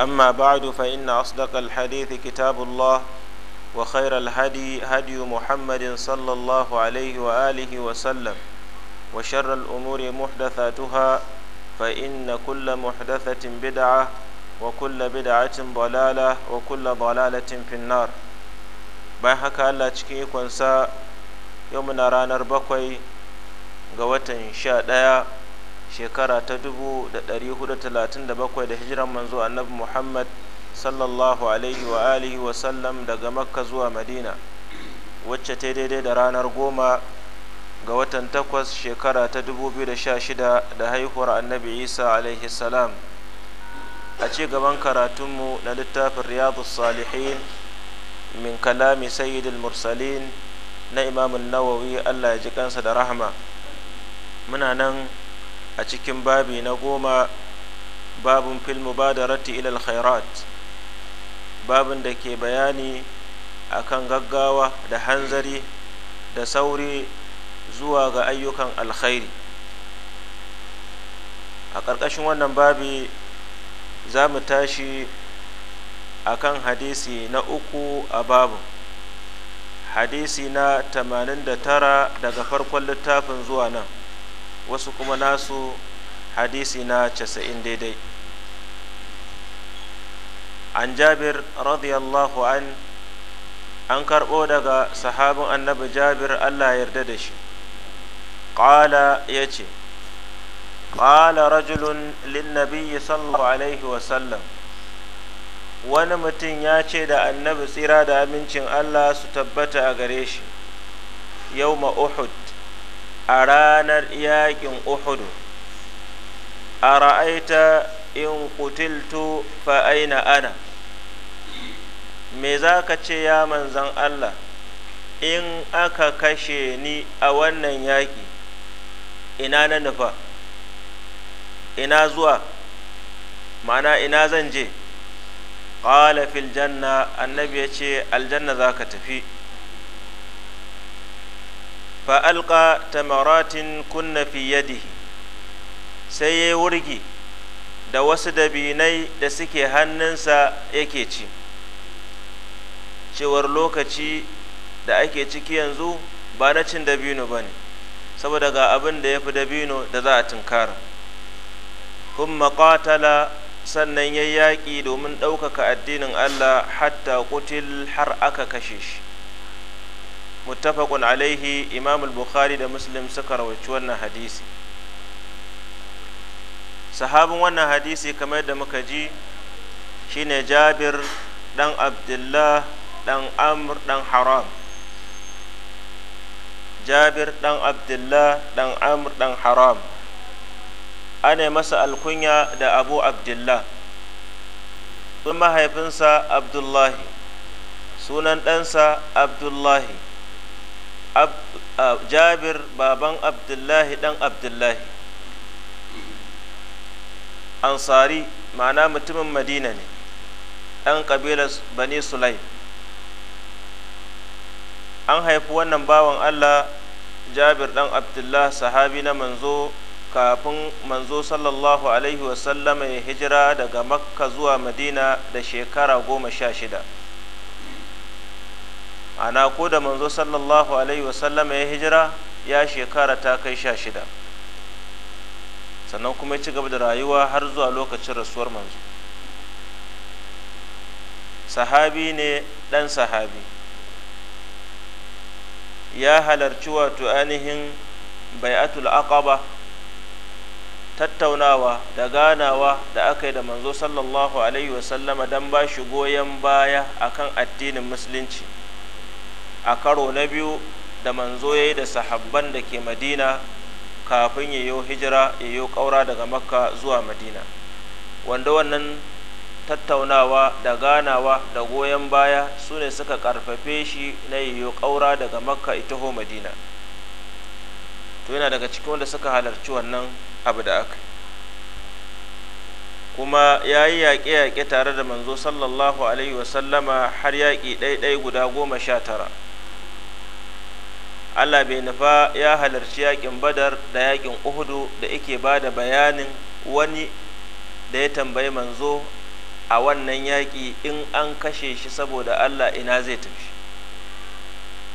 أما بعد فإن أصدق الحديث كتاب الله وخير الهدي هدي محمد صلى الله عليه وآله وسلم وشر الأمور محدثاتها فإن كل محدثة بدعة وكل بدعة ضلالة وكل ضلالة في النار bayan haka Allah cikin ikonsa yau muna ranar bakwai ga watan sha ɗaya shekara ta 437 da hijiran manzo annabi muhammad sallallahu alaihi wa alihi wa sallam daga makka zuwa madina wacce ta daidai da ranar goma ga watan takwas shekara ta 2016 da haihuwar annabi isa alaihi salam a ci gaban karatunmu na littafin riyadu salihin min kalami sayyidul mursalin na imamun nawawi allah ya ji kansa da rahama muna nan a cikin babi na goma babin fil mubadarati ilal khairat babin da ke bayani akan gaggawa da hanzari da sauri zuwa ga ayyukan alkhairi a ƙarƙashin wannan babi za mu tashi a kan hadisi na uku a babu hadisi na 89 daga farkon littafin zuwa nan wasu kuma nasu hadisi na casa'in daidai an jabir radiyallahu an an karɓo daga sahabin annabi jabir allah yarda da shi ƙala ya ce ƙala rajulun linnabiyyi sallallahu alaihi wasallam wani mutum ya ce da annabi tsira da amincin allah su tabbata a gare shi yau ma uhud a ranar yakin uhudu a ra'aita in kutiltu fa aina ana me za ka ce ya manzan allah in aka kashe ni a wannan yaƙi ina na nufa ina zuwa ma'ana ina zan je ƙala fil janna annabi ya ce aljanna za ka tafi fa'alƙa tamaratin kunna fi yadihi sai ya wurgi da wasu dabinai da suke hannunsa yake ci cewar lokaci da ake ciki yanzu ba na cin dabino ba ne saboda ga abin da ya fi dabino da za a tunkara kun makatala sannan ya yaƙi domin ɗaukaka addinin allah hatta kutil har aka kashe shi muttafaqun alaihi imam bukhari da muslim suka rawaci wannan hadisi sahabin wannan hadisi kamar da muka ji shine jabir dan abdullah dan amr dan haram jabir dan abdullah dan amr dan haram ana masa alkunya da abu abdullah mahaifinsa abdullahi sunan ɗansa abdullahi jabir baban abdullahi dan abdullahi ansari ma'ana mutumin madina ne ɗan kabilar bani sulaim an haifi wannan bawan allah jabir dan Abdullahi, sahabi na manzo kafin manzo sallallahu alaihi wasallama ya hijira daga makka zuwa madina da shekara goma sha shida ana ko da manzo sallallahu alaihi wasallama ya hijira ya shekara ta kai sha shida sannan kuma ya ci gaba da rayuwa har zuwa lokacin rasuwar manzo sahabi ne ɗan sahabi ya halarci wato ainihin bai'atul aqaba tattaunawa da ganawa da aka yi da manzo sallallahu alaihi wasallama don ba shi goyon baya akan addinin musulunci a karo na biyu da manzo ya yi da sahabban da ke madina kafin ya yayo hijira ya yayo kaura daga makka zuwa madina wanda wannan tattaunawa da ganawa da goyon baya su ne suka karfafe shi na yi kaura daga makka ita ho madina to yana daga cikin wanda suka halarci wannan abu da aka kuma ya yi yaƙe-yaƙe tare da manzo sallallahu alaihi wasallama har yaƙi ɗaiɗai guda goma sha tara Allah bai nufa ya halarci yakin badar da yakin uhudu da yake ba da bayanin wani da ya tambayi manzo a wannan yaƙi in an kashe shi saboda Allah ina zai tafi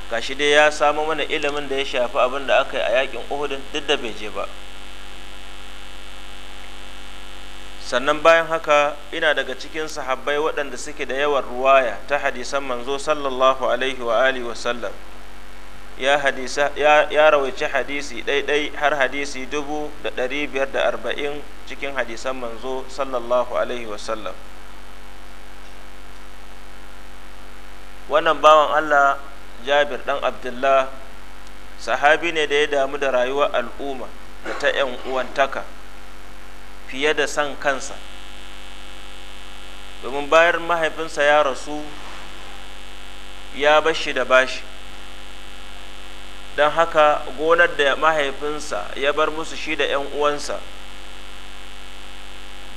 gashi dai ya samu mana ilimin da ya shafi abin da aka yi a yakin uhudun duk da bai je ba sannan bayan haka ina daga cikin sahabbai waɗanda suke da yawan ruwaya ta hadisan manzo sallallahu alaihi wa alihi wa sallam ya rawaici hadisi ɗaiɗai har hadisi dubu da ɗari biyar da arba'in cikin hadisan manzo sallallahu alaihi wasallam wannan bawan allah jabir ɗan abdullah sahabi ne da ya damu da rayuwar al'umma da ta 'yan uwantaka fiye da san kansa domin bayar mahaifinsa ya rasu ya bashi da bashi don haka gonar da mahaifinsa ya bar musu shi da 'yan uwansa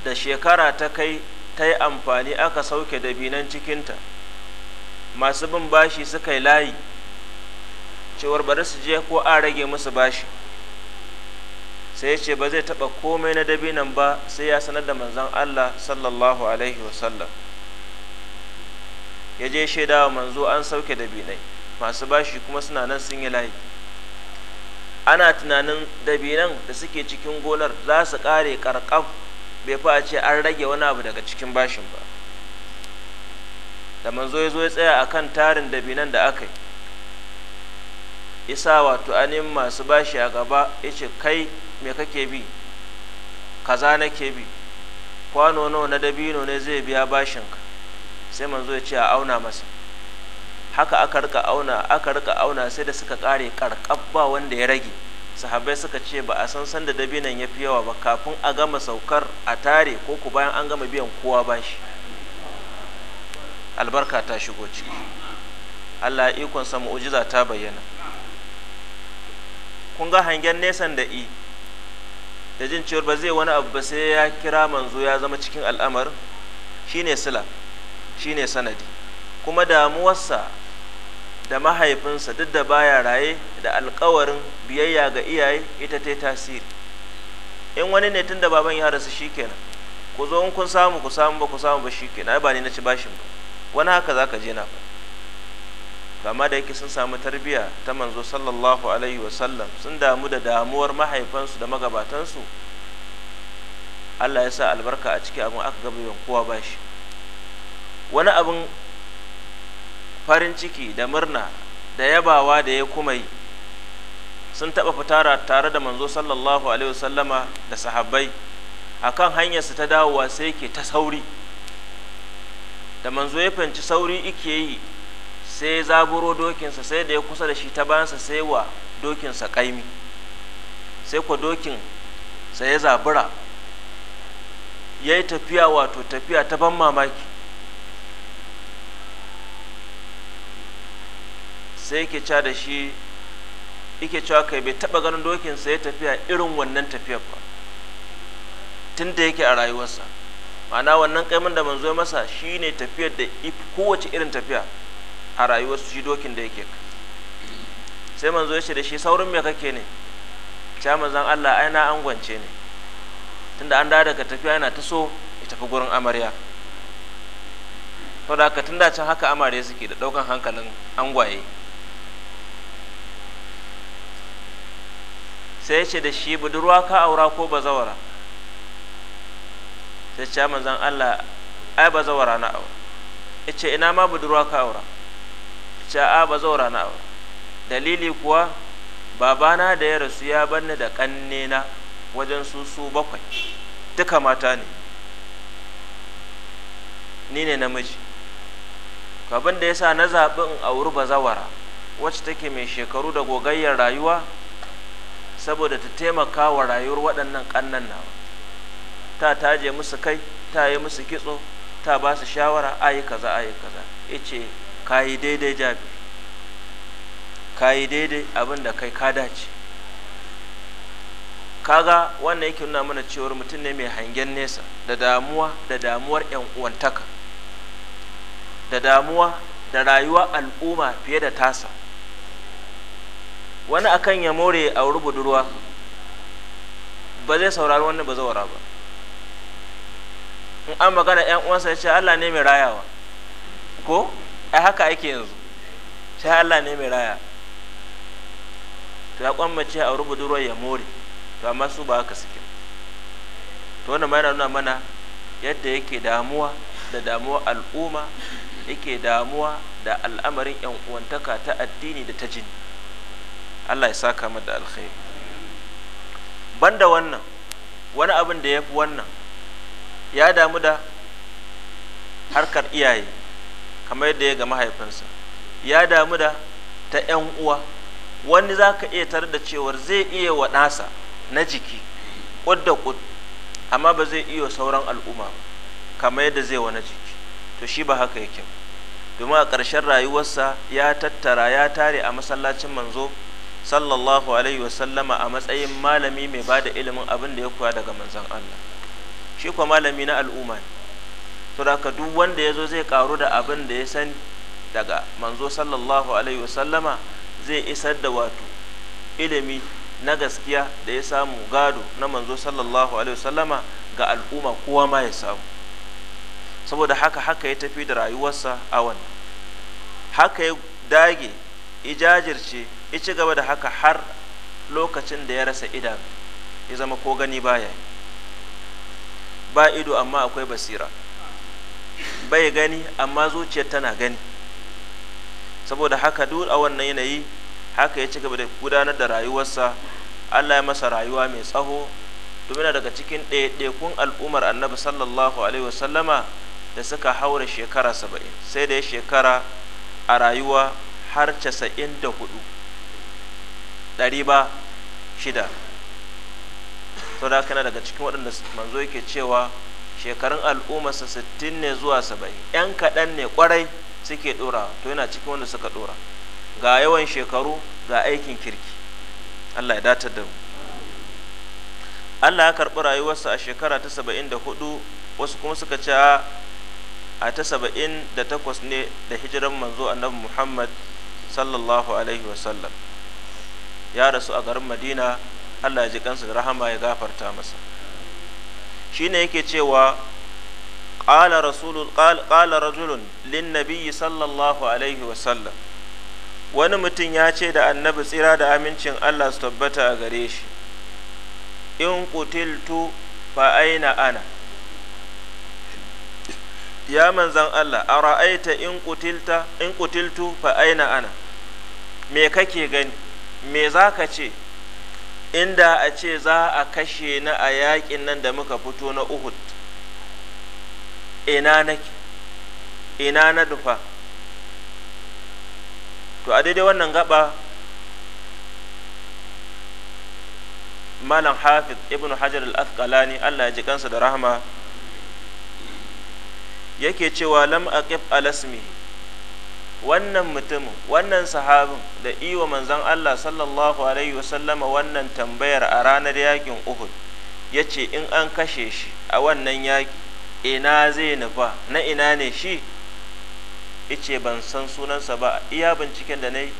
da shekara ta kai ta yi amfani aka sauke da dabinan cikinta masu bin bashi suka yi layi cewar bari su je ko an rage musu bashi sai ya ce ba zai taɓa komai na dabinan ba sai ya sanar da manzan allah sallallahu alaihi wasallam ya je shaidawa manzo an sauke dabinai masu bashi kuma suna nan sun yi layi ana tunanin dabinan da suke cikin gonar za su kare karkaf bai fa a ce an rage wani abu daga cikin bashin ba da manzo ya zo ya tsaya a kan tarin dabinan da aka yi isa wato anin masu bashi a gaba ya ce kai me kake bi kaza nake bi kwano nawa na dabino ne zai biya bashinka sai manzo ya ce a auna masa haka aka rika auna aka rika auna sai da suka kare karkab ba wanda ya rage sahabbai suka ce ba a san sanda dabinan ya fi yawa ba kafin a gama saukar a tare ko ku bayan an gama biyan kowa bashi albarka ta shigo ciki allah ikon sa mu'ujiza ta bayyana kun ga hangen nesan da i da jin cewar ba zai wani abu ba sai ya kira manzo ya zama cikin al'amar shine sila shine sanadi kuma damuwarsa da mahaifinsa duk da baya raye da alkawarin biyayya ga iyaye ita ta tasiri in wani ne tun da baban ya rasu shikenan ku zo in kun samu ku samu ba ku samu ba shikenan ba ni na ci bashin ba wani haka za ka je na fa amma da yake sun samu tarbiya ta manzo sallallahu alaihi wasallam sun damu da damuwar mahaifansu da magabatansu Allah ya sa albarka a ciki abin aka gaba ba bashi wani abin farin ciki da murna da yabawa da ya kuma yi sun taɓa fitara tare da manzo sallallahu alaihi wasallama da sahabbai akan hanyarsu ta dawowa sai ke ta sauri da manzo ya fahimci sauri ike yi sai zaburo dokinsa sai da ya kusa da shi ta bayansa sai wa dokinsa kaimi sai kwa dokin sai ya zabura ya yi tafiya wato tafiya ta ban mamaki sai yake ca da shi yake cewa kai bai taba ganin dokin sa ya tafiya irin wannan tafiyar ba tun da yake a rayuwarsa ma'ana wannan kaimin da manzo ya masa shine tafiyar da kowace irin tafiya a rayuwarsu shi dokin da yake sai manzo ya ce da shi saurin me kake ne ca manzon Allah ai na angwance ne tunda an dawo daga tafiya yana ta so ya tafi gurin amarya saboda da tun can haka amare suke da daukan hankalin angwaye sai ya ce da shi budurwa ka aura ko bazawara sai ce manzan Allah ai bazawara na aura ya ce ina ma budurwa ka aura ya ce a bazawara na aura dalili kuwa babana da ya rasu ya banni da kannena wajen su su bakwai duka mata ne ni ne namiji abin da ya sa na zaɓi in auri bazawara wacce take mai shekaru da gogayyar rayuwa saboda ta taimaka wa rayuwar waɗannan ƙannan nawa ta taje musu kai ta yi musu kitso ta ba su shawara a yi kaza a yi kaza Ya ce, ka yi daidai jabi ka yi daidai abin da kai ka dace kaga wannan yake nuna mana cewar mutum ne mai hangen nesa da damuwa da damuwar yan uwantaka da damuwa da rayuwa al'umma fiye da tasa wani akan ya more a wuri budurwa ba zai saurari wani ba zaura ba in an magana yan uwansa ya ce Allah ne mai rayawa ko a haka ake yanzu ce Allah ne mai raya ta ya kwammace a wuri budurwa ya more to amma su ba haka suke to wannan ma nuna mana yadda yake damuwa da damuwa al'umma yake damuwa da al'amarin yan uwantaka ta addini da ta jini Allah ya saka mu da alkhairi banda wannan wani abin da ya fi wannan ya damu da harkar iyaye kamar yadda ya ga mahaifinsa ya damu da ta 'yan uwa wani za ka iya tare da cewar zai iya wa nasa na jiki ƙud da ƙud amma ba zai iya sauran al'umma kamar yadda zai wa na jiki to shi ba haka yake domin a ƙarshen rayuwarsa ya tattara ya tare a masallacin manzo sallallahu alaihi wasallama a matsayin malami mai ba da ilimin abin da ya koya daga manzan Allah shi kuwa malami na al'umma ne to duk wanda ya zo zai karu da abin da ya sani daga manzo sallallahu alaihi wasallama zai isar da wato ilimi na gaskiya da ya samu gado na manzo sallallahu alaihi wasallama ga al'umma kowa ma ya samu saboda haka haka ya tafi da rayuwarsa a wannan haka ya dage ijajirce ya ci gaba da haka har lokacin da ya rasa idan ya zama ko gani baya ba ido amma akwai basira bai gani amma zuciyar tana gani saboda haka duk a wannan yanayi haka ya ci gaba da gudanar da rayuwarsa allah ya masa rayuwa mai tsaho domin daga cikin ɗaiɗaikun al'ummar annabi sallallahu alaihi wasallama da suka haura shekara saba'in sai da ya shekara a rayuwa har casa'in da hudu ɗari ba shida sau da kana daga cikin waɗanda manzo yake cewa shekarun al'ummarsa sittin ne zuwa saba'in yan kaɗan ne ƙwarai suke ɗora to yana cikin wanda suka ɗora ga yawan shekaru ga aikin kirki allah ya data da mu allah ya karɓi rayuwarsa a shekara ta 74 da hudu wasu kuma suka ce a ta 78 da takwas ne da hijiran manzo annabi muhammad sallallahu alaihi wasallam ya rasu a garin madina allah ya ji kansa da rahama ya gafarta masa shine yake cewa ƙala rasulun rajulun lin nabiyyi sallallahu alaihi wa sallam wani mutum ya ce da annabi tsira da amincin allah su tabbata a gare shi in kutiltu fa aina ana ya manzan allah a ra'aita in kutiltu fa aina ana me kake gani me za ka ce inda a ce za a kashe na a yakin nan da muka fito na uhud ina na, ina na dufa to a daidai wannan gaba malam hafiz ibn hajar al-asqalani allah ya ji kansa da rahama yake cewa lam aqif alasmihi wannan mutumin wannan sahabin da iwa manzon Allah sallallahu alaihi wasallama wannan tambayar a ranar yakin Uhud ya ce in an kashe shi a wannan yaki ina zai nufa na ina ne shi ice ban san sunansa ba iya binciken da na yi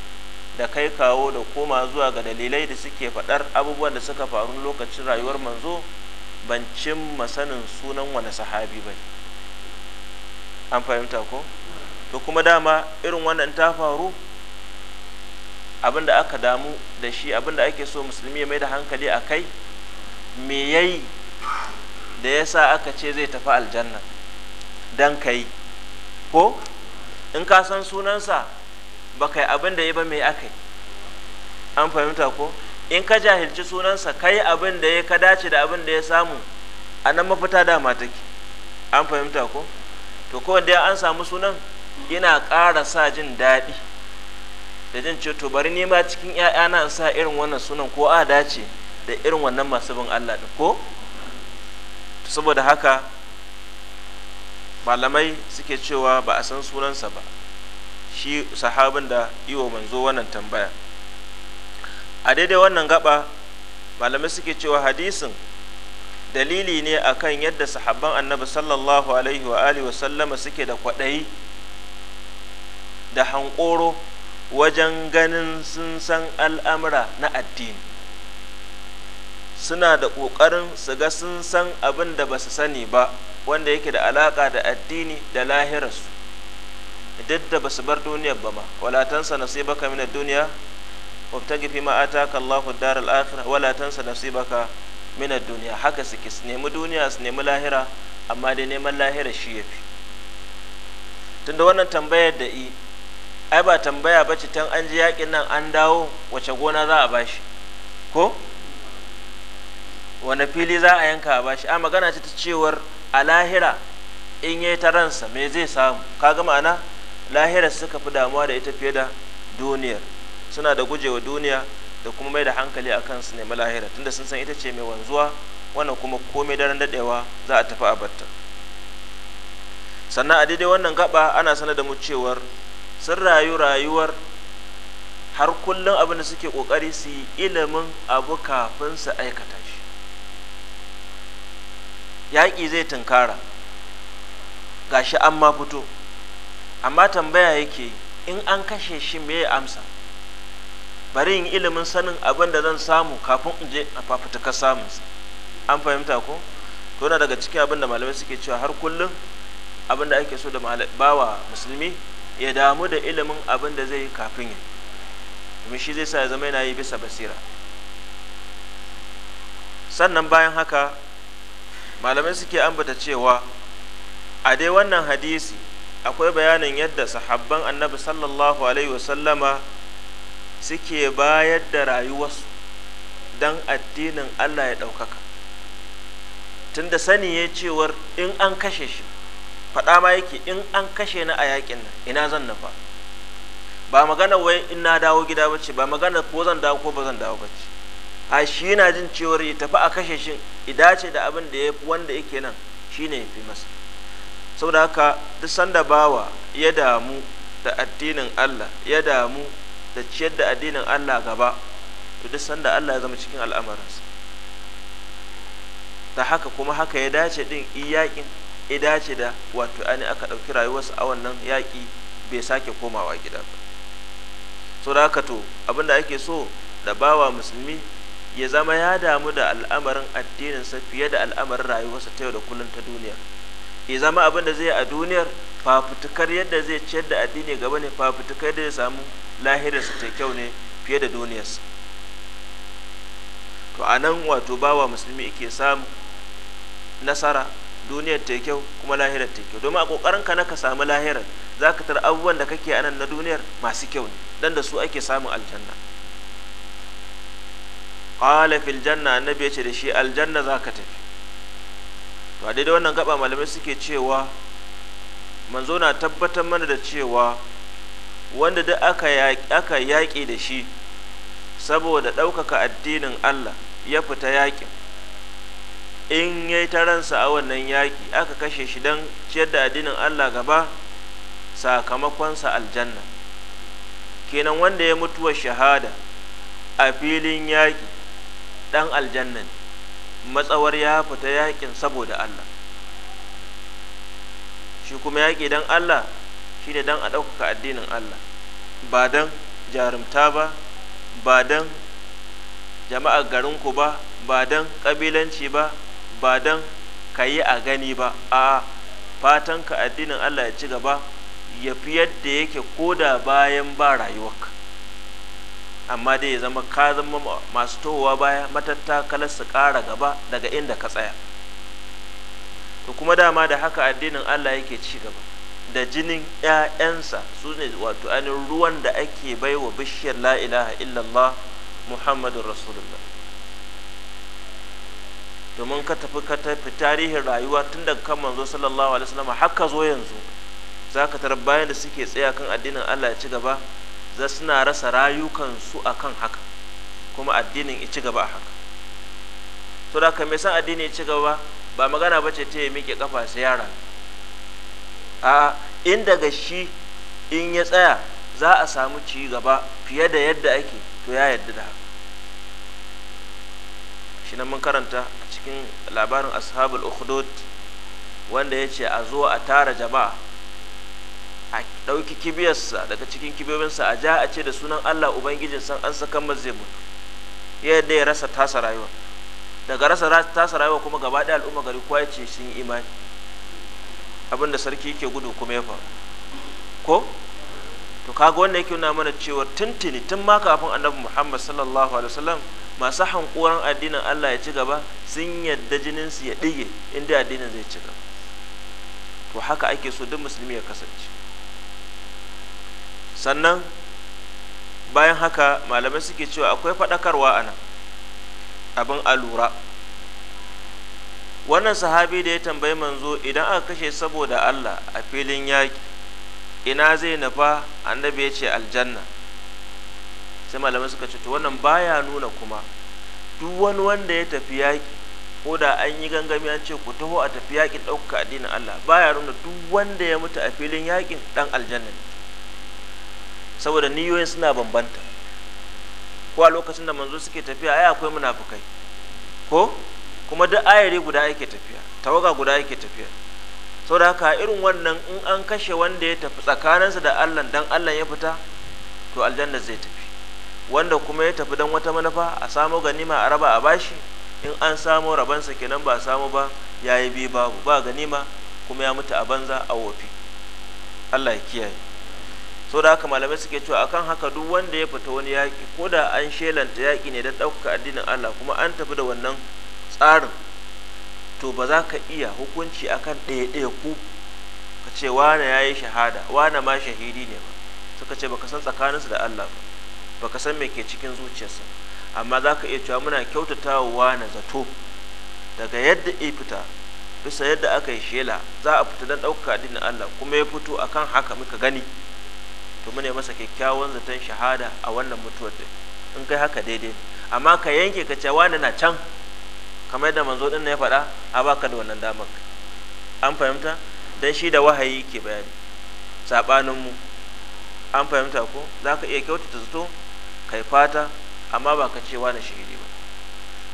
da kai kawo da koma zuwa ga dalilai da suke faɗar abubuwan da suka faru lokacin rayuwar manzo ban cimma sanin sunan wani sahabi ba an fahimta ko to kuma dama irin wannan ta faru abinda aka damu da shi abinda ake so musulmi ya mai da hankali a kai me yayi da ya sa aka ce zai tafi aljanna don ka yi ko in ka san sunansa ba kai abin da ya ba mai aka yi an fahimta ko in ka jahilci sunansa kai abin da ya ka dace da abin da ya samu a nan mafita dama take an fahimta ko to kowanne an samu sunan yana ƙara sa jin daɗi da jin ceto bari ma cikin ‘ya'yana in sa irin wannan sunan ko a dace da irin wannan masu bin Allah ɗin ko saboda haka malamai suke cewa ba a san sunansa ba shi sahabin da iwo manzo wannan tambaya a daidai wannan gaba malamai suke cewa hadisin dalili ne akan yadda sahabban annabi sallallahu alaihi wa alihi suke da kwaɗayi da hankoro wajen ganin sun san al'amura na addini suna da ƙoƙarin su ga sun san abin da ba su sani ba wanda yake da alaƙa da addini da lahirarsu duk da ba su bar duniyar ba ma walatansa nasibaka min duniya wata gifi ma ataka dar al-akhirah wala nasibaka min haka suke su nemi duniya su nemi lahira amma dai neman lahira shi ya fi tunda wannan tambayar da i ai ba tambaya ba ce tan an ji yakin nan an dawo wace gona za a bashi ko wani fili za a yanka a bashi a magana ce ta cewar a lahira in yi ta ransa me zai samu ka kaga ana lahira suka fi damuwa da ita fiye da duniyar suna da gujewa duniya da kuma mai da hankali a kan su nemi lahira tunda sun san ita ce mai wanzuwa wannan kuma komai daren daɗewa za a tafi a batta sannan a daidai wannan gaba ana sanar da mu cewar sun rayu rayuwar har kullum abin da suke kokari su yi ilimin abu kafin su aikata shi yaƙi zai tunkara gashi an ma fito amma tambaya yake in an kashe shi me ya amsa bari in ilimin sanin abin da zan samu kafin in je a fafutuka samunsa an fahimta ko to na daga cikin abin da malamai suke cewa har kullum abin da ake so da bawa musulmi ya damu da ilimin abin da zai yi kafin yi domin shi zai sa ya zama yana yi bisa basira sannan bayan haka malamai suke ambata cewa a dai wannan hadisi akwai bayanin yadda sahabban annabi sallallahu alaihi wasallama suke bayar da rayuwarsu don addinin allah ya ɗaukaka tunda sani ya cewar in an kashe shi faɗa ma yake in an kashe ni a yakin nan ina zan nufa ba magana wai in na dawo gida ce ba magana ko zan dawo ko ba zan dawo bace a shi yana jin cewar ya tafi a kashe shi idace da abin da ya fi wanda yake nan shine ya fi masa saboda haka duk sanda bawa ya damu da addinin Allah ya damu da ciyar da addinin Allah gaba to duk sanda Allah ya zama cikin al'amarinsa da haka kuma haka ya dace din iyakin ya dace da wato ani aka ɗauki rayuwarsa a wannan yaƙi bai sake komawa gida ba so da haka to abinda ake so da bawa musulmi ya zama ya damu da al'amarin addininsa fiye da al'amarin rayuwarsa ta yau da kullum ta duniya ya zama abin da zai a duniyar fafutukar yadda zai ciyar da addini gaba ne fafutukar yadda zai samu lahirarsa ta kyau ne fiye da duniyarsa to a nan wato bawa musulmi yake samu nasara duniyar ta kyau kuma lahirar ta kyau domin a kokarin ka na ka samu lahirar za ka tar abubuwan da kake anan na duniyar masu kyau ne dan da su ake samun aljanna qala fil janna annabi ya ce da shi aljanna za ka tafi to a wannan gaba malamai suke cewa manzo na tabbatar mana da cewa wanda duk aka yaki da shi saboda ɗaukaka addinin Allah ya fita yaƙin in ya yi taransa a wannan yaƙi aka kashe shi don ciyar da addinin allah gaba sakamakonsa aljanna kenan wanda ya mutuwa shahada a filin yaƙi ɗan aljanna ne matsawar ya fita yaƙin saboda allah shi kuma yaƙi don allah shi ne don a ɗaukaka addinin allah ba don jarumta ba ba don jama'ar garinku ba ba don ƙabilanci ba ba don ka yi a gani ba a fatan ka addinin Allah ya ci gaba ya fi yadda yake koda bayan ba rayuwarka amma dai ya zama ka zama masu tohuwa baya matattakalar su kara gaba daga inda ka tsaya to kuma dama da haka addinin Allah yake ci gaba da jinin 'ya'yansa su ne wato ainihin ruwan da ake baiwa bishiyar lailaha illallah muhammadun rasulullah domin ka tafi ka tafi tarihin rayuwa tun daga kan manzo sallallahu alaihi wasallam haka zo yanzu zaka tarar bayan da suke tsaya kan addinin Allah ya ci gaba za suna rasa rayukansu akan haka kuma addinin ya ci gaba a haka to da ka mai san addini ya ci gaba ba magana bace ta ya miƙe kafa sai yara a in daga shi in ya tsaya za a samu ci gaba fiye da yadda ake to ya yadda da haka shi nan mun karanta cikin labarin ashabul ukhdud wanda ya a zo a tara jama'a a ɗauki kibiyarsa daga cikin kibiyoyinsa a ja a ce da sunan Allah Ubangijin san an saka zai mutu yadda ya rasa tasa rayuwa daga rasa tasa rayuwa kuma gaba ɗaya al'umma gari kowa ya ce sun yi imani abin sarki yake gudu kuma ya faru ko to kaga wannan yake nuna mana cewa tuntuni tun ma kafin annabi Muhammad sallallahu alaihi wasallam masu hankoran addinin Allah ya ci gaba sun yadda jinin su ya ɗige inda addinin zai ci gaba to haka ake so duk musulmi ya kasance sannan bayan haka malamai suke cewa akwai faɗakarwa a nan abin alura wannan sahabi da ya tambayi manzo idan aka kashe saboda Allah a filin yaƙi ina zai nufa annabi ya ce aljanna sai malamai suka ce to wannan baya nuna kuma duk wani wanda ya tafi yaƙi ko da an yi gangami an ce ku taho a tafi yaƙin ɗaukaka addinin Allah baya nuna duk wanda ya mutu a filin yaƙin ɗan aljanna saboda niyoyin suna bambanta ko a lokacin da manzo suke tafiya ai akwai munafukai ko kuma duk ayare guda yake tafiya tawaga guda yake tafiya saboda haka irin wannan in an kashe wanda ya tafi tsakaninsa da Allah dan Allah ya fita to aljanna zai tafi wanda kuma ya tafi don wata manufa a samo ganima a raba a bashi in an samo rabansa kenan ba samu ba ya yi biyu babu ba ganima kuma ya mutu a banza a wofi allah ya kiyaye so da haka malamai suke cewa akan haka duk wanda ya fita wani yaƙi ko da an shelanta yaƙi ne don ɗaukaka addinin allah kuma an tafi da wannan tsarin to ba za ka iya hukunci akan ɗaya ɗaya ku ka ce wane ya yi shahada wane ma shahidi ne ba suka ce ba ka san tsakaninsu da allah ba baka san me ke cikin zuciyarsa amma za ka iya cewa muna kyautatawa na zato daga yadda ya fita bisa yadda aka yi shela za a fita don ɗaukaka addinin Allah kuma ya fito akan haka muka gani to mune masa kyakkyawan zaton shahada a wannan mutuwar da in kai haka daidai ne amma ka yanke ka ce wani na can kamar yadda manzo na ya faɗa a baka da wannan damar an fahimta dan shi da wahayi ke bayani saɓaninmu mu an fahimta ko za ka iya kyautata zato kai fata amma ba ka ce wani shahidi ba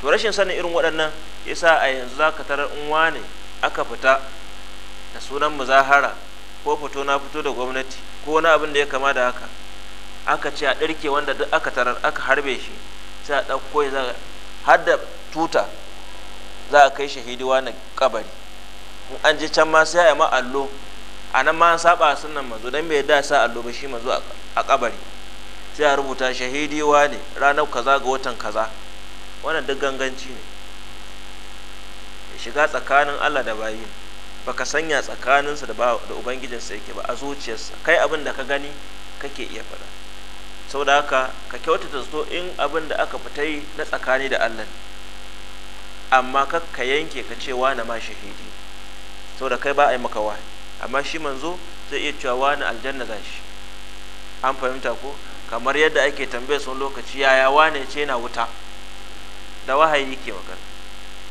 to rashin sanin irin waɗannan yasa a yanzu za ka tarar in wane aka fita da sunan muzahara ko fito na fito da gwamnati ko wani abin da ya kama da haka aka ce a ɗirke wanda duk aka tarar aka harbe shi sai a ɗauko ya har da tuta za a kai shahidi wani kabari in an je can ma sai a yi ma allo a nan ma an saba sunan manzo don bai da sa allo ba shi manzo a kabari sai a rubuta shahidi ne ranar kaza ga watan kaza wannan duk ganganci ne ya shiga tsakanin Allah da bayi baka sanya tsakaninsa da ubangijinsa yake ba a zuciyarsa kai abin da ka gani kake iya faɗa da haka ka kyautata zato in abin da aka fita yi na tsakani da Allah ne amma ka yanke ka ce wani ma shahidi da kai ba a yi maka wahayi amma shi manzo zai iya cewa wani aljanna za shi an fahimta ko kamar yadda ake tambaye sun lokaci yaya wane ce na wuta da wahayi yake magana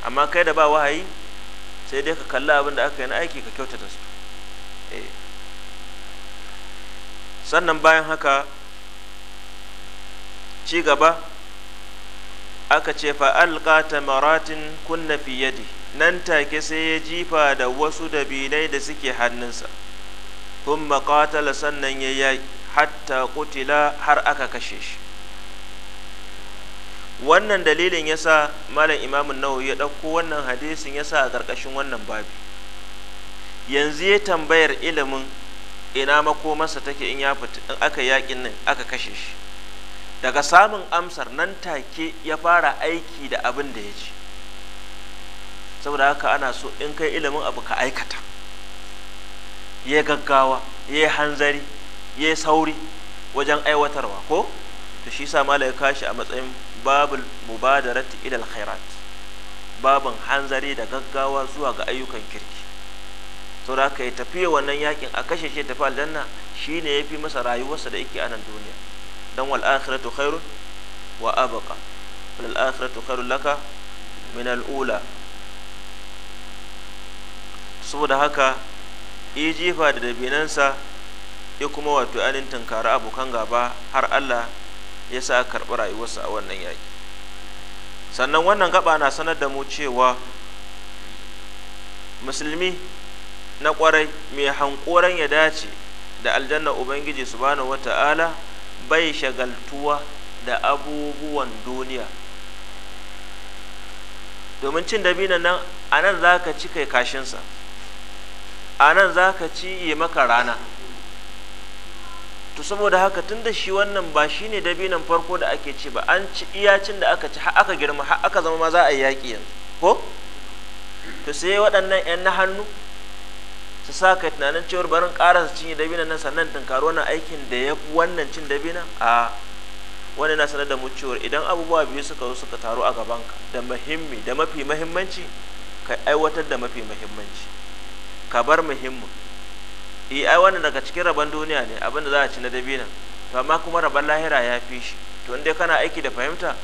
amma kai da ba wahayi sai dai ka kalli abin da aka yi na aiki ka kyautata su eh. sannan bayan haka ci gaba aka ce fa'alƙa maratin kunna fi yadi nan take sai ya jifa da wasu dabinai da suke hannunsa tun maƙatala sannan ya yaƙi hatta kutila har aka kashe shi wannan dalilin yasa malam imamun nawawi ya ɗauko wannan hadisin yasa a ƙarƙashin wannan babi yanzu ya tambayar ilimin ina makomarsa take in ya fita in aka yakin nan aka kashe shi daga samun amsar nan take ya fara aiki da abin da ya ji saboda haka ana so in kai ilimin abu ka aikata ya gaggawa ya hanzari ya sauri wajen aiwatarwa ko to shi sa malaka kashi a matsayin babul mubadarat idal khairat babin hanzari da gaggawa zuwa ga ayyukan kirki da ka yi tafiya wannan yakin a kashe shi tafi aljanna shine yafi masa rayuwarsa da yake a nan duniya dan wal akhiratu khairun wa abqa wal akhiratu khairun laka min al ula saboda haka ijifa da dabinansa ya kuma wato ainihin tunkari abokan gaba har Allah ya sa karɓi rayuwarsa a wannan yaƙi sannan wannan gaba na sanar da mu cewa musulmi na kwarai mai hankoran ya dace da aljanna ubangiji subhanahu wata'ala bai shagaltuwa da abubuwan duniya domin cin dabina nan a nan za ka ci kai kashinsa a nan za ka ci yi maka rana to saboda haka tun da shi wannan ba shi ne dabinan farko da ake ci ba an ci iyacin da aka ci aka girma har aka zama ma za a yi yaƙi yanzu ko to sai waɗannan 'yan na hannu su sa ka tunanin cewar barin ƙara su cinye dabinan nan sannan tunkaro wannan aikin da ya wannan cin dabina a wani na sanar da mu cewar idan abubuwa biyu suka zo suka taru a gabanka da muhimmi da mafi muhimmanci ka aiwatar da mafi muhimmanci ka bar muhimmin eh ai wannan daga cikin rabon duniya ne abin da za a ci na dabina to amma kuma rabon lahira ya fi shi to inda kana aiki da fahimta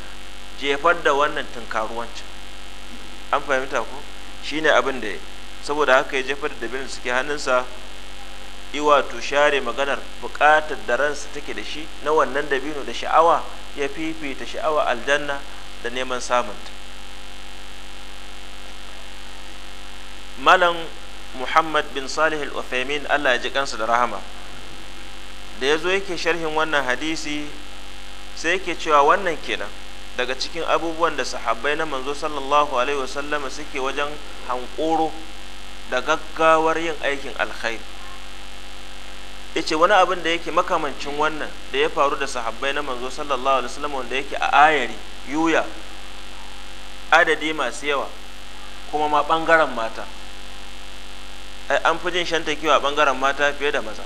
jefar da wannan tunkaruwancin an fahimta ku shi ne abin da saboda haka ya jefar da dabinin suke hannunsa iwa to share maganar buƙatar da ransa take da shi na wannan dabino da sha'awa ya fifita sha'awa aljanna da neman samunta malam muhammad bin salih al-uthaymin allah ya ji kansa da rahama da ya zo yake sharhin wannan hadisi sai yake cewa wannan kenan daga cikin abubuwan da sahabbai na manzo sallallahu alaihi wasallam suke wajen hankoro da gaggawar yin aikin alkhair. yace wani abin da yake makamancin wannan da ya faru da sahabbai na manzo sallallahu alaihi wasallam wanda yake a ayari yuya adadi masu yawa kuma ma bangaren mata an fi jin shanta kiwo a bangaren mata fiye da maza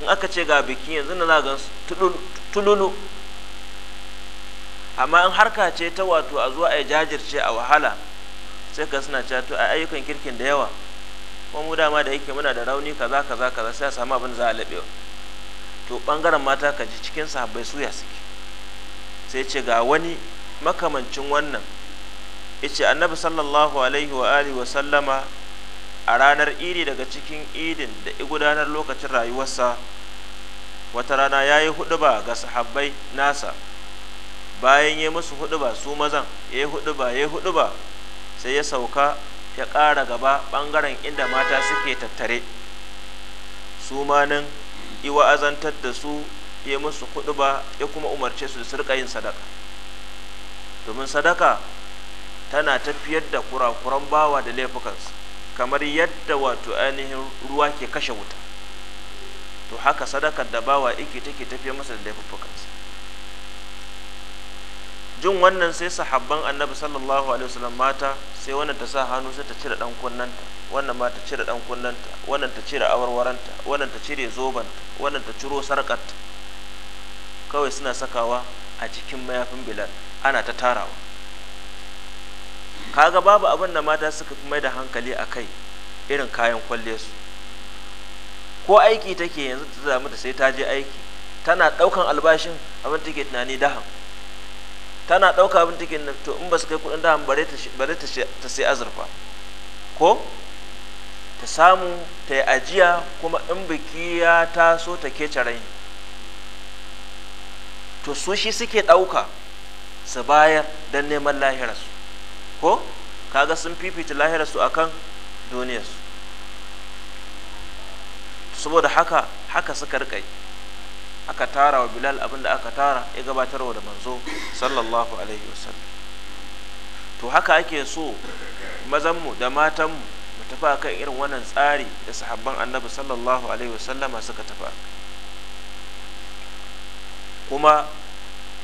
in aka ce ga biki yanzu na zagan tululu amma in harka ce ta wato a zuwa a jajirce a wahala sai ka suna cato a ayyukan kirkin da yawa kuma mu dama da yake muna da rauni kaza kaza kaza sai a samu abin za a to bangaren mata ka ji cikin sahabbai suya suke sai ce ga wani makamancin wannan yace annabi sallallahu alaihi wa alihi wa sallama a ranar idi daga cikin idin da igudanar gudanar lokacin rayuwarsa wata rana ya yi ba ga sahabbai nasa bayan ya musu huɗuba su mazan ya yi ba ya yi ba sai ya sauka ya ƙara gaba ɓangaren inda mata suke tattare su ma yi wa'azantar da su ya musu huɗuba ya kuma umarce su da yin sadaka domin sadaka tana tafiyar da kurakuran bawa da laifukansu kamar yadda wato ainihin ruwa ke kashe wuta to haka sadakar da bawa ike take tafiya masa da laifuffukansa jin wannan sai sahabban annabi sallallahu alaihi wasallam mata sai wannan ta sa hannu sai ta cire dan kunnanta wannan ma ta cire dan kunnanta wannan ta cire awarwaranta wannan ta cire zoban wannan ta ciro sarƙarta kawai suna sakawa a cikin mayafin bilal ana ta tarawa kaga babu abin da mata suka fi mai da hankali a kai irin kayan kwalle su ko aiki take yanzu ta zamu da sai ta je aiki tana daukan albashin abin take tunani dahan tana ɗauka abin take to in ba su kai kudin dahan bare ta sai azurfa ko ta samu ta yi ajiya kuma in biki ya taso ta ke rai to su shi suke ɗauka su bayar don neman lahirarsu ko kaga sun fifita su akan duniyarsu saboda haka haka suka rikai aka tara wa bilal abin da aka tara ya gabatarwa da manzo sallallahu alaihi wasallam to haka ake so mazanmu da matanmu mu tafi a kan irin wannan tsari da sahabban annabi sallallahu alaihi wasallama suka tafi kuma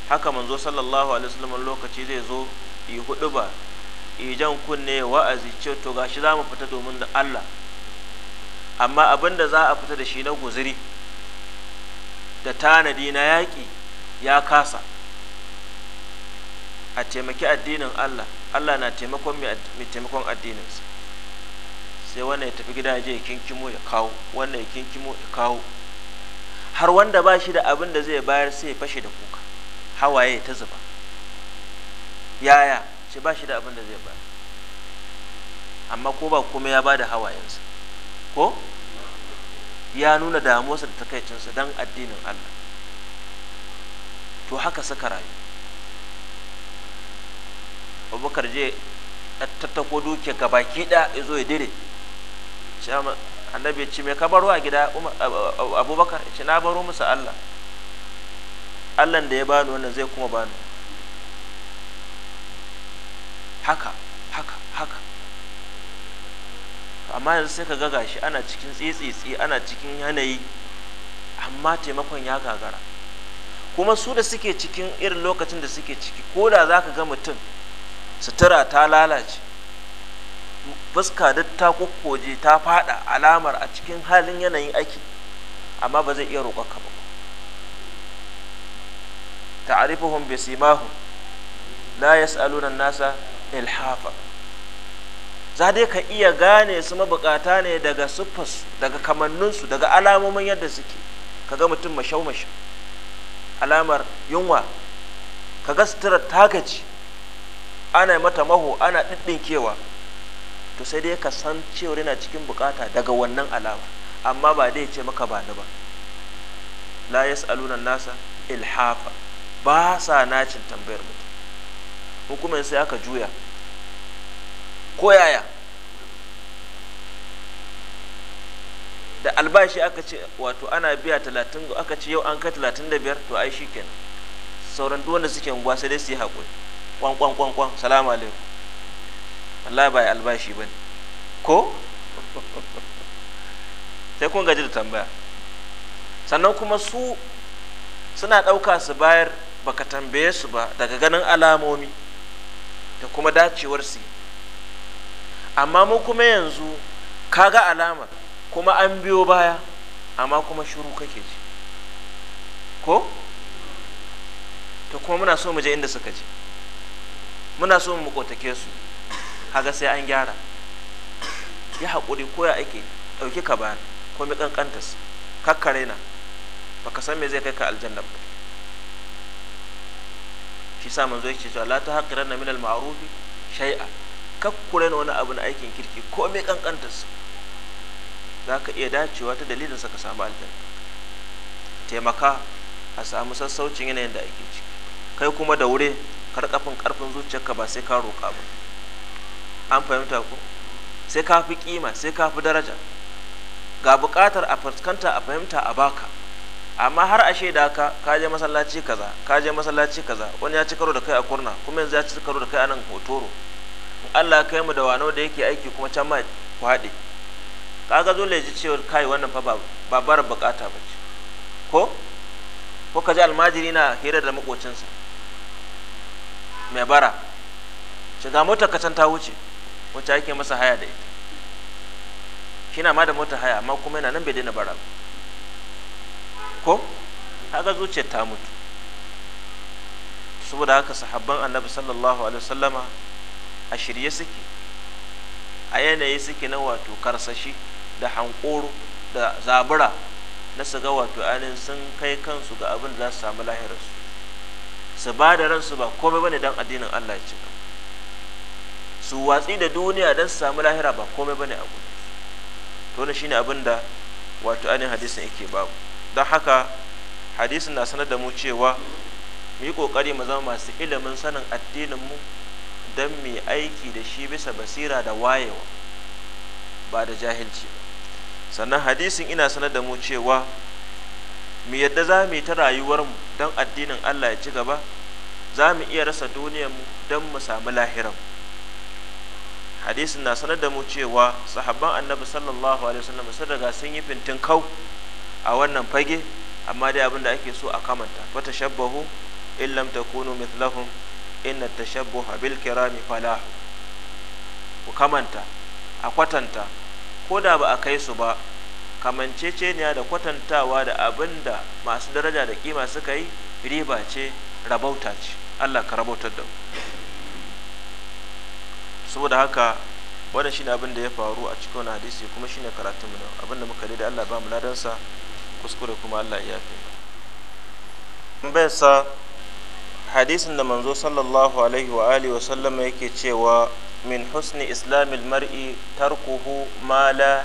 haka manzo sallallahu alaihi wasallam lokaci zai zo yi hudu ba ijan kunne wa'azi ce to gashi za mu fita domin da Allah amma abin da za a fita da shi na guziri da tanadi na yaƙi ya kasa a taimaki addinin Allah Allah na taimakon mai taimakon addininsa sai wanda ya tafi gidaje ya kinkimo ya kawo wanda ya kinkimo ya kawo har wanda ba shi da abin da zai bayar sai ya fashe da kuka hawaye ta zuba yaya ce ba shi da abin da zai ba amma ko ba kuma ya ba da hawayensa ko ya nuna damuwarsa da takaicinsa don addinin Allah to haka suka rayu abubakar je tattako duke ga baki da ya zo ya dire annabi ya ce mai kabarwa a gida abubakar ya ce na baro musu Allah Allah da ya bani wannan zai kuma bani haka haka haka amma yanzu sai ka ga gashi ana cikin tsitsitsi ana cikin yanayi amma taimakon ya gagara kuma su da suke cikin irin lokacin da suke ciki ko da za ka ga mutum sutura ta lalace fuska duk ta kukkoje ta fada alamar a cikin halin yanayin aiki amma ba zai iya roƙonka ba ta'arifuhum bi simahum la yas'aluna nasa ilhafa za dai ka iya gane su mabukata ne daga sufas daga kamanninsu daga alamomin yadda suke kaga mutum mashau alamar yunwa kaga suturar gaji ana mata maho ana kewa. to sai dai ka san cewa yana cikin bukata daga wannan alama amma ba dai ce maka ba ba la yas'aluna nasa ilhafa ba sa nacin tambayar mutum hukumar sai aka juya ko yaya da albashi aka ce wato ana biya talatin aka ce yau an kai talatin da biyar to ai shiken sauran duk wanda suke unguwa sai dai su yi haƙuri kwan kwan kwan kwan salamu alaikum wallahi ba albashi ne ko sai kun gaji da tambaya sannan kuma su suna ɗauka su bayar baka tambaye su ba daga ganin alamomi da kuma dacewar su amma mu kuma yanzu kaga alama kuma an biyo baya amma kuma shuru kake ji ko to kuma muna so mu je inda suka je muna so mu kotake su haga sai an gyara ya haƙuri ko ya ake ɗauki ka ba ko mi ƙanƙantas kakkare na baka san me zai kai ka aljanna ba shi sa manzo yake cewa la tahqiranna min al ma'ruf shay'a kakkure wani abu na aikin kirki ko mai kankanta su zaka iya dacewa ta dalilin sa ka samu aljanna taimaka a samu sassaucin yanayin da ake ciki kai kuma da wure kafin karfin zuciyarka ba sai ka roƙa ba an fahimta ko sai ka fi kima sai ka fi daraja ga bukatar a fuskanta a fahimta a baka amma har a shaida ka ka je masallaci kaza ka je masallaci kaza wani ya ci karo da kai a kurna kuma yanzu ya ci karo da kai a nan hotoro Allah kai mu da wano da yake aiki kuma can ma kwaɗe kaga zo ji cewa kai wannan fa ba bara bukata ba ce ko ko ka ji almajiri na hira da makocinsa mai bara shiga motar ka can ta wuce wacce ake masa haya da ita shi na ma da motar haya amma kuma yana nan bai daina bara ba ko haka zuciyar ta mutu saboda haka sahabban annabi sallallahu alaihi wasallama a shirye suke a yanayi suke na wato karsashi da hankoro da zabura na su ga wato ainihin sun kai kansu ga abin da za su samu lahirarsu su ba da ransu ba komai bane don addinin Allah ya ci su watsi da duniya don su samu lahira ba komai bane a gudu to ne shine abin da wato ainihin hadisin yake babu don haka hadisin na sanar da mu cewa mu yi ƙoƙari mu zama masu ilimin sanin addininmu don mu aiki da shi bisa basira da wayewa ba da jahilci ba sannan hadisin ina sanar da mu cewa mu yadda za mu yi ta rayuwarmu don addinin allah ya ci gaba za mu iya rasa duniyarmu don mu samu lahiran. hadisin na sanar da mu cewa sahabban annabi sallallahu alaihi wasallam sun riga sun yi fintin kau a wannan fage amma dai abin da ake so a kamanta fa tashabbahu in lam takunu mithlahum inna tashabbuha bil kirami falah ku kamanta a kwatanta ko da ba a kai su ba kamancece kamanceceniya da kwatantawa da abin masu daraja da kima suka yi riba ce rabauta ce Allah ka rabautar da saboda haka wannan shine abin da ya faru a cikin hadisi kuma shine karatun mu abin da muka da Allah ba mu ladansa kuskure kuma Allah ya fi bai sa hadisin da manzo sallallahu alaihi wa alihi wa sallama yake cewa min husni islamil mar'i tarkuhu ma la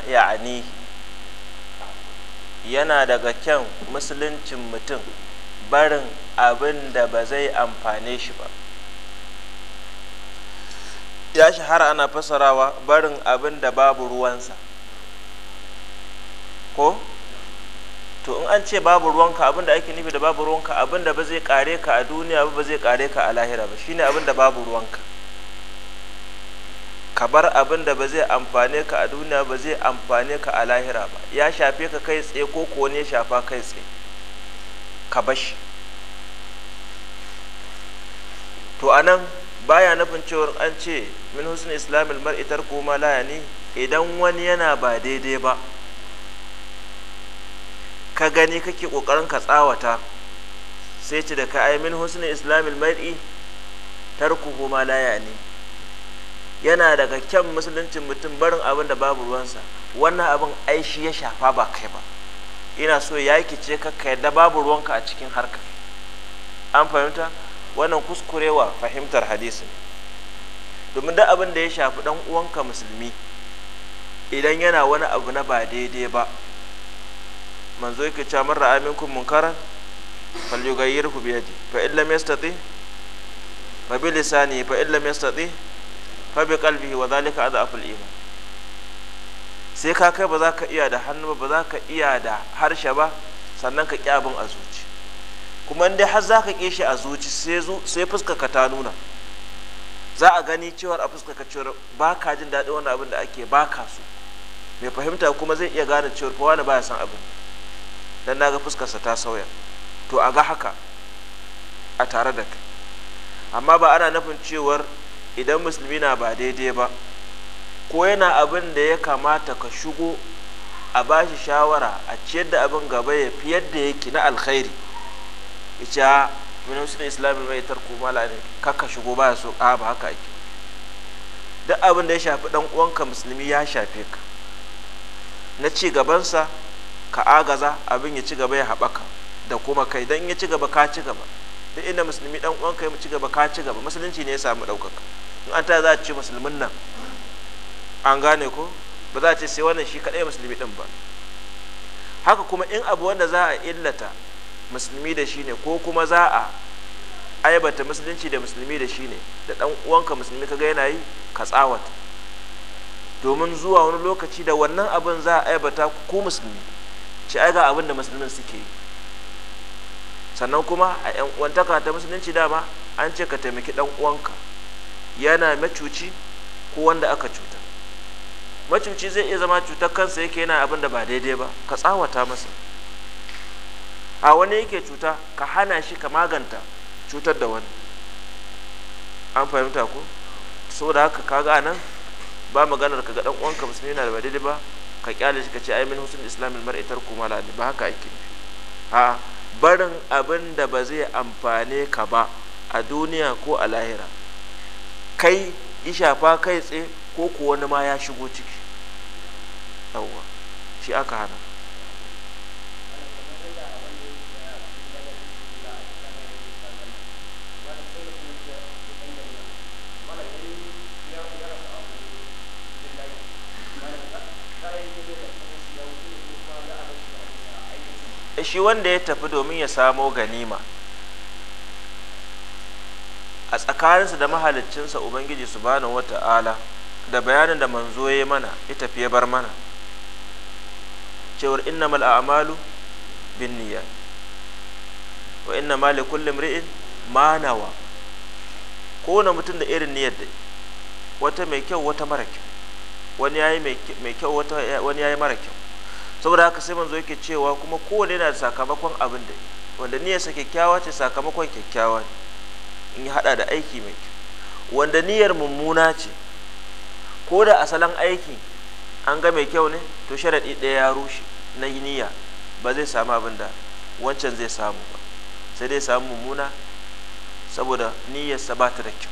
yana daga kyan musuluncin mutum barin abin da ba zai amfane shi ba ya shahara ana fasarawa barin abin da babu ruwansa ko to in an ce babu ruwanka abinda ake nufi da babu ruwanka abinda ba zai kare ka a duniya ba zai kare ka a lahira ba shine abinda babu ruwanka ka bar abinda ba zai amfane ka a duniya ba zai amfane ka a lahira ba ya shafe ka kai tsaye ko ko ne shafa kai tsaye ka bashi to anan baya nufin cewar an ce min husn islamil mar'i kuma ma la yani idan wani yana ba daidai ba ka gani kake kokarin ka tsawata sai ce da ka ai min husnul islamil mar'i tarkuhu ma la ya'ni yana daga kyan musuluncin mutum barin abin da babu ruwansa wannan abin ai shi ya shafa ba kai ba ina so ya ce ka ka yadda babu ruwanka a cikin harka an fahimta wannan kuskurewa fahimtar hadisi domin da abin da ya shafi dan uwanka musulmi idan yana wani abu na ba daidai ba manzo yake cewa man ra'a minkum munkaran falyughayyirhu bi yadi fa in lam yastati fa bi lisani fa in lam yastati fa bi qalbihi wa zalika adhafu al-iman sai ka kai ba za ka iya da hannu ba za ka iya da harshe ba sannan ka ƙi abin a zuci kuma dai har za ka ƙi shi a zuci sai fuska ka ta nuna za a gani cewar a fuska ka cewar ba ka jin daɗin wani abin da ake ba ka so mai fahimta kuma zai iya gane cewar fa wani ba ya san abin dan naga fuskarsa ta sauya to a ga haka a tare da kai amma ba ana nufin cewar idan musulmi na ba daidai ba ko yana abin da ya kamata ka shigo a bashi shawara a ciyar da abin gaba ya fi yadda yake na alkhairi ita ah, min husnul islami mai tarko mala ne kaka shigo ba so a ba haka ake duk abin da ya shafi dan uwanka musulmi ya shafe ka na ci gabansa ka agaza abin ya ci gaba ya haɓaka da kuma kai dan ya ci gaba ka ci gaba duk inda musulmi dan uwan kai mu ci gaba ka ci gaba musulunci ne ya samu ɗaukaka in an ta za a ce musulmin nan an gane ko ba za a ce sai wannan shi kaɗai musulmi ɗin ba haka kuma in abu wanda za a illata musulmi da shi ne ko kuma za a aibata musulunci da musulmi da shi ne da ɗan uwanka musulmi ka yana yi ka tsawata domin zuwa wani lokaci da wannan abin za a aibata ku musulmi ci ai ga abin da musulmin suke yi sannan kuma a yan uwantaka ta musulunci dama an ce ka taimaki dan uwanka yana macuci ko wanda aka cuta macuci zai iya zama cutar kansa yake yana abin da ba daidai ba ka tsawata masa a wani yake cuta ka hana shi ka maganta cutar da wani an fahimta ko da haka kaga nan ba maganar ka ga dan uwanka musulmi yana da ba daidai ba ka kyale shi ka ce ai min husnul islamil mar'i tarku la ba haka ake ha barin abin da ba zai amfane ka ba a duniya ko a lahira kai ishafa kai tse ko ko wani ma ya shigo ciki yawwa shi aka hana shi wanda ya tafi domin ya samo ganima a tsakaninsa da mahaliccinsa ubangiji su bani wata'ala da bayanin da manzo ya mana ya tafi ya bar mana cewar mal a'malu bin niyyat wa inna mali kullum ri'in manawa kowane mutum da irin niyyar da wata mai kyau wata mara kyau wani yayi mai kyau wani yayi mara kyau saboda haka sai manzo yake cewa kuma kowane yana da sakamakon abin da wanda niyarsa kyakkyawa ce sakamakon kyakkyawa ne in yi hada da aiki mai kyau wanda niyyar mummuna ce ko da asalin aiki an ga mai kyau ne to sharaɗi ɗaya ya rushe na niyya ba zai samu abin da wancan zai samu ba sai dai samu mummuna saboda niyyarsa ba ta da kyau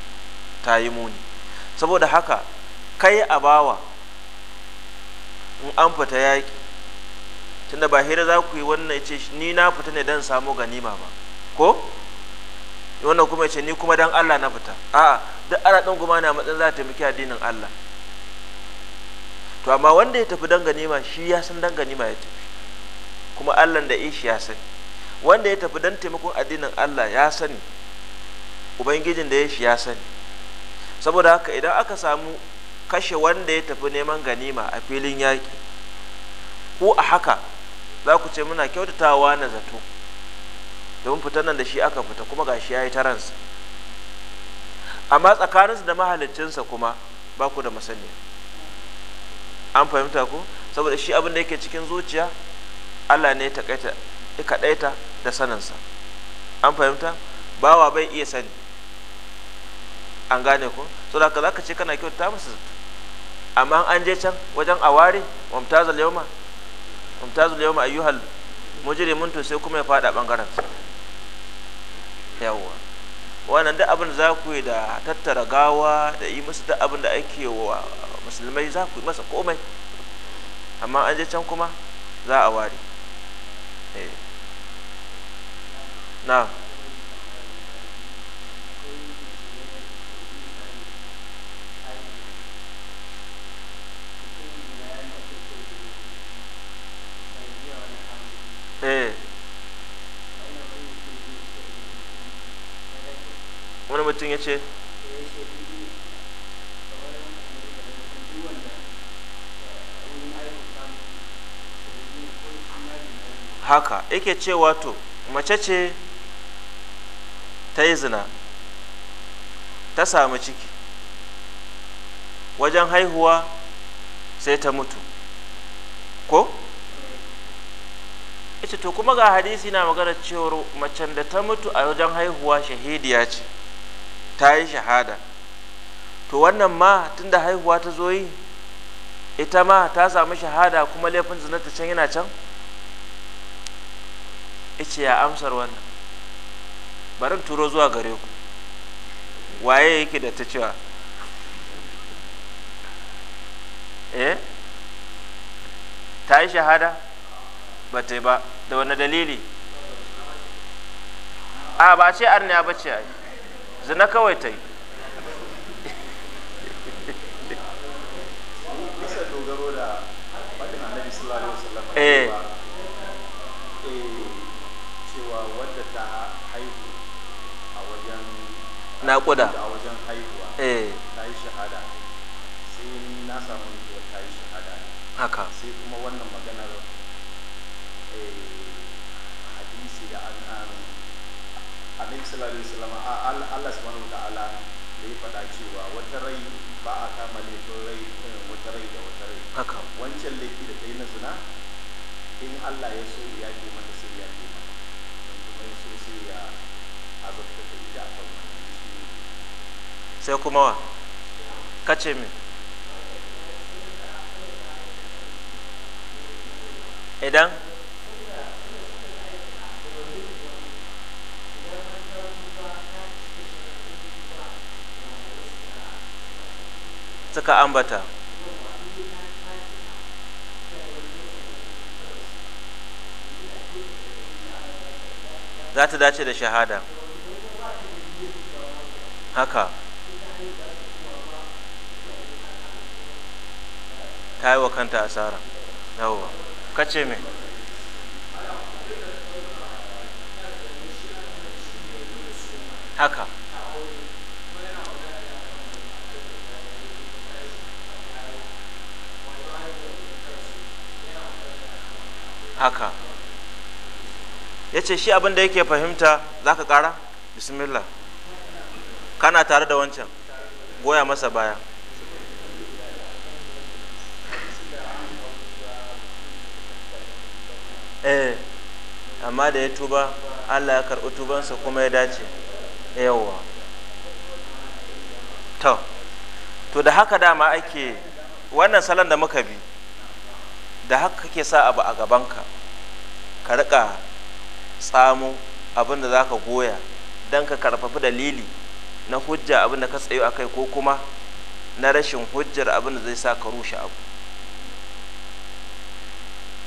ta yi muni saboda haka kai a bawa in an fita yaƙi tunda ba hira za ku yi wannan ya ce ni na fita ne don samu ganima ba ko wannan kuma ya ce ni kuma don Allah na fita a'a duk ana ɗin kuma na matsayin za ta taimaki addinin Allah to amma wanda ya tafi don ganima shi ya san don ganima ya tafi kuma Allah da ishi ya sani wanda ya tafi don taimakon addinin Allah ya sani ubangijin da ya shi ya sani saboda haka idan aka samu kashe wanda ya tafi neman ganima a filin yaƙi ko a haka za ku ce muna kyautatawa na zato don fita nan da shi aka fita kuma ga shi ya yi taransa amma tsakaninsu da mahalicinsa kuma ba ku da masaniya an fahimta ku saboda shi abin da yake cikin zuciya allah ne ya kaɗaita da saninsa an fahimta bawa bai iya sani an gane ku saboda ka za ka ce kana kyautata musu zato amma an je can wajen a ware wamta zalewa mumtazul ma ayyuhal mujrimun to sai kuma ya fada bangaren sa wannan duk abin za ku yi da tattara gawa da yi musu duk abin da ake wa musulmai za ku yi masa komai amma an je can kuma za a ware na'am mutum ya ce haka yake cewa to mace ce ta yi zina ta samu ciki wajen haihuwa sai ta mutu ko? ita to kuma ga hadisi na magana cewar macen da ta mutu a wajen haihuwa shahidiya ce ta yi shahada to wannan ma tun da haihuwa ta zo yi ita ma ta samu shahada kuma laifin zinata can yana can ice ya amsar wannan bari turo zuwa gare ku waye yake da ta cewa eh ta yi shahada ba ta yi ba da wani dalili a ba ce arniya ba ce a yi zina kawai ta yi eh. eh cewa wadda ta haihu a wajen naƙuda a wajen haihuwa eh. ta yi shahada sai na samu ta yi shahada haka sai kuma wannan maganar sallallahu alaihi wasallam Allah subhanahu wataala da ya faɗa cewa wata rai ba a kama laifin rai wata rai da wata rai haka wancan laifi da kai na zina in Allah ya so ya ke mata sai ya ke mata kuma ya so sai ya azabta da ita akan sai kuma wa kace min idan suka ambata za ta dace da shahada haka ta yi wa kanta asara yawon kace mai haka haka ya ce shi abin da yake fahimta za ka ƙara bismillah kana tare da wancan goya masa baya eh amma da ya tuba allah ya karɓi tubansa kuma ya dace yawwa to to da haka dama ake wannan salon da muka bi da haka kake sa abu a gabanka ka riƙa tsamo abin da za ka goya don ka karfafi dalili na hujja abin da ka tsayo akai ko kuma na rashin hujjar abin da zai sa ka rushe abu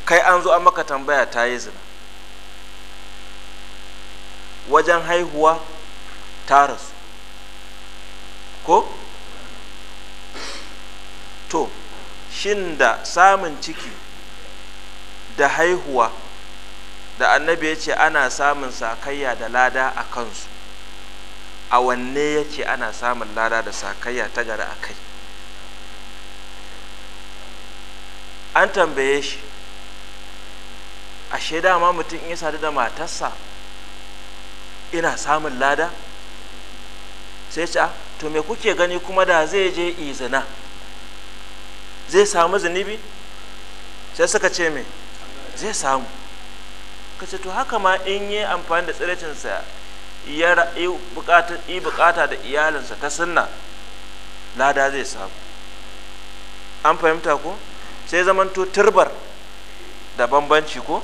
kai an zo an maka tambaya ta yi zina wajen haihuwa ta rasu ko to shin da samun ciki da haihuwa da annabi ya ce ana samun sakayya da lada a kansu a wanne ya ce ana samun lada da sakayya ta gari a kai an tambaye shi ashe dama mutum in ya sadu da matarsa ina samun lada sai ce ah, to me kuke gani kuma da zai je izina zai samu zunubi sai suka ce mai zai samu kace to haka ma in yi amfani da tsiracinsa ya yi bukata da iyalinsa ta sunna lada zai samu an fahimta ko sai zamanto turbar da bambanci ko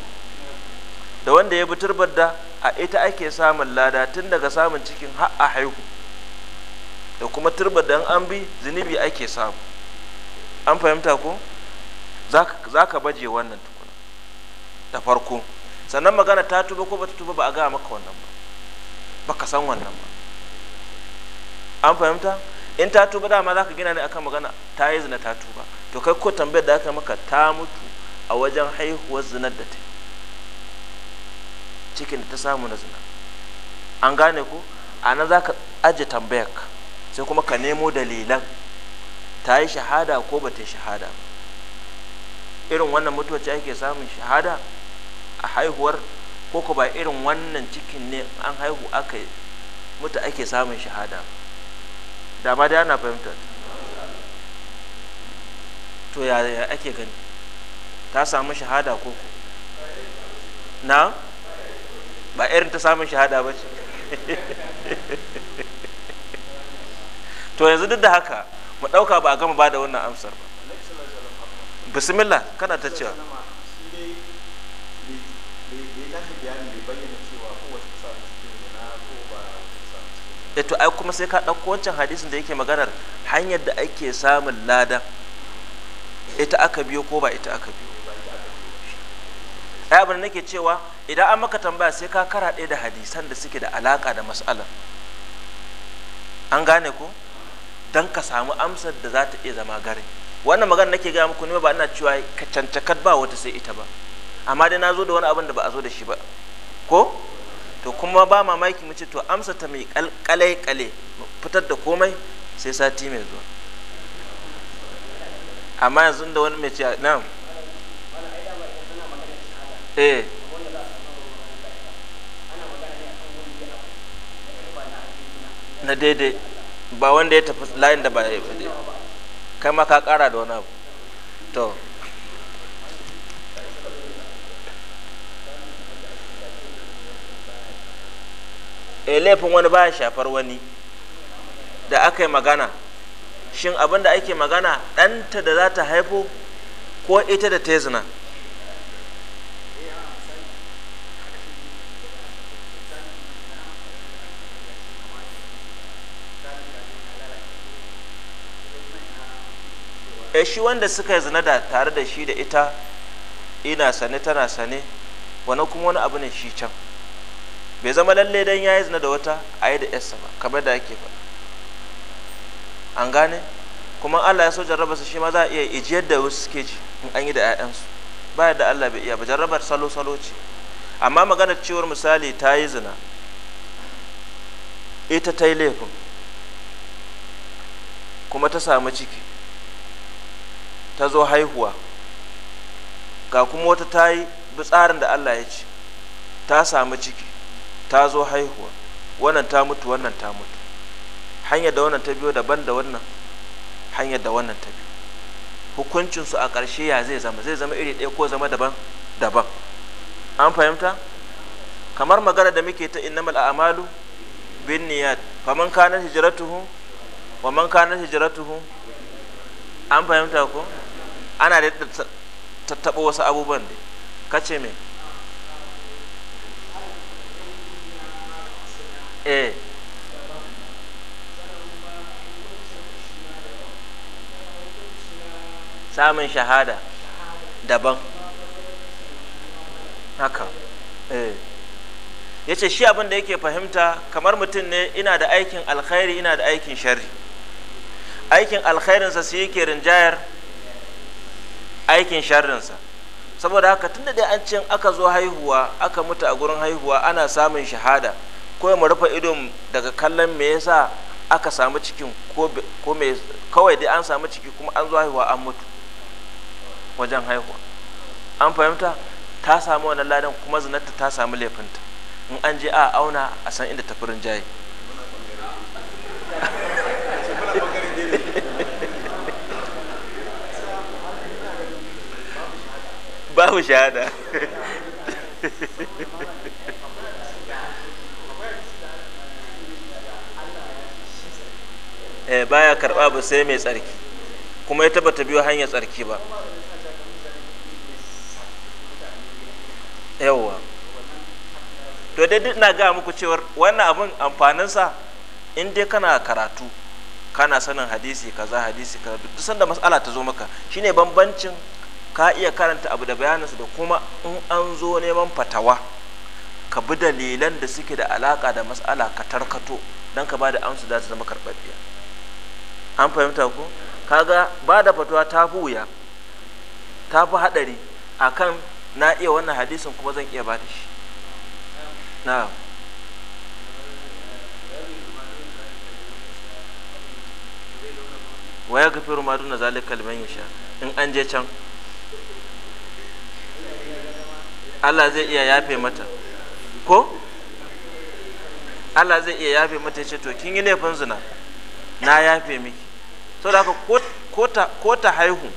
da wanda ya bi turbar da a ita ake samun lada tun daga samun cikin a haihu da kuma turbar da an bi zunubi ake samu an fahimta ko za ka baje wannan da farko sannan magana ta tuba ko ba ta tuba ba a gaya maka wannan ba ba ka san wannan ba an fahimta in ta tuba dama za ka gina ne akan magana ta yi zina ta tuba to kai ko tambayar da aka maka ta mutu a wajen haihuwar zinar da ta cikin da ta samu na zina an gane ko a nan za ka aje tambayar sai kuma ka nemo dalilan ta yi shahada ko ba ta yi shahada irin wannan mutuwa ce ake samun shahada a haihuwar ko ko ba irin wannan cikin ne an haihu aka mutu ake samun shahada da ma da ana fahimta to ya ake gani ta samu shahada ko ko na ba irin ta samun shahada ba ce to yanzu duk da haka mu ɗauka ba a gama ba da wannan amsar ba bismillah kana ta cewa tashi eh bayani bai to ai kuma sai ka ɗauko wancan hadisin da yake maganar hanyar da ake samun lada ita aka biyo ko ba ita aka biyo ai abin nake cewa idan an maka tambaya sai ka kara da hadisan da suke da alaƙa da mas'alar an gane ko don ka samu amsar da za ta iya zama gare wannan magana nake gaya muku ne ba ina cewa ka cancakar ba wata sai ita ba amma dai na zo da wani abin da ba a zo da shi ba ko to kuma ba mamaki mu ce to amsa ta mai kalai kale fitar da komai sai sati mai zuwa amma yanzu da wani mai ce na eh na daidai ba wanda ya tafi layin da ba ya yi kai ma ka kara da wani abu to e laifin wani ba shafar wani da aka yi magana shin abin da ake magana ɗanta da za ta haifo ko ita da ta zina e shi wanda suka yi zina da tare da shi da ita ina sane tana sane wani kuma wani abu ne shi can bai zama lalle ya yi zina da wata a yi da yasa ba kamar da ake faɗa an gane kuma Allah ya so jarraba su shi ma za a iya ijiyar da wasu suke ji in an yi da 'ya'yansu ba yadda Allah bai iya ba jarrabar salo salo ce amma maganar cewar misali ta yi zina ita ta yi laifin kuma ta samu ciki ta zo haihuwa ga kuma wata ta yi tsarin da Allah ya ce ta sami ciki ta zo haihuwa wannan ta mutu wannan ta mutu hanyar da wannan ta biyo daban da wannan hanyar da wannan ta biyo hukuncinsu a ƙarshe ya zai zama zai zama iri ɗaya ko zama daban daban an fahimta kamar magana da muke ta innamal a'malu bin niyyat man kana hijratuhu wa man kana hijratuhu an fahimta ko ana da tattaɓa wasu abubuwan da kace me eh samun shahada daban haka eh ya ce shi abin da yake fahimta kamar mutum ne ina da aikin alkhairi ina da aikin shari aikin alkhairinsa su yake rinjayar aikin sharrinsa saboda haka tunda da an ce aka zo haihuwa aka mutu a gurin haihuwa ana samun shahada ko mu rufe ido daga kallon me yasa aka samu cikin ko me kawai dai an samu ciki kuma an zuwa haihuwa an mutu wajen haihuwa an fahimta ta samu wannan ladan kuma zinarta ta samu laifinta in an je a auna a san inda tafirin jaye babu shahada Eh, baya karba ba sai mai tsarki kuma ya tabbata biyo hanyar tsarki ba yawwa to dai duk na ga muku cewa wannan abin amfaninsa in dai kana karatu kana sanin hadisi kaza hadisi kaza duk sanda mas'ala ta zo maka shine bambancin ka iya karanta abu da bayaninsa da kuma in an zo neman fatawa ka bi dalilan da suke da alaka da mas'ala ka tarkato don ka ba da amsa za ta zama karɓaɓɓiya an fahimta ku kaga ba da fatuwa ta fi wuya ta fi haɗari a kan na iya wannan hadisin kuma zan iya ba da shi na waya ga gafi rumadu na zalika liman yasha in an je can Allah zai iya yafe mata ko Allah zai iya yafe mata ce to kin yi laifin zina na yafe miki saboda haka ko ta haihu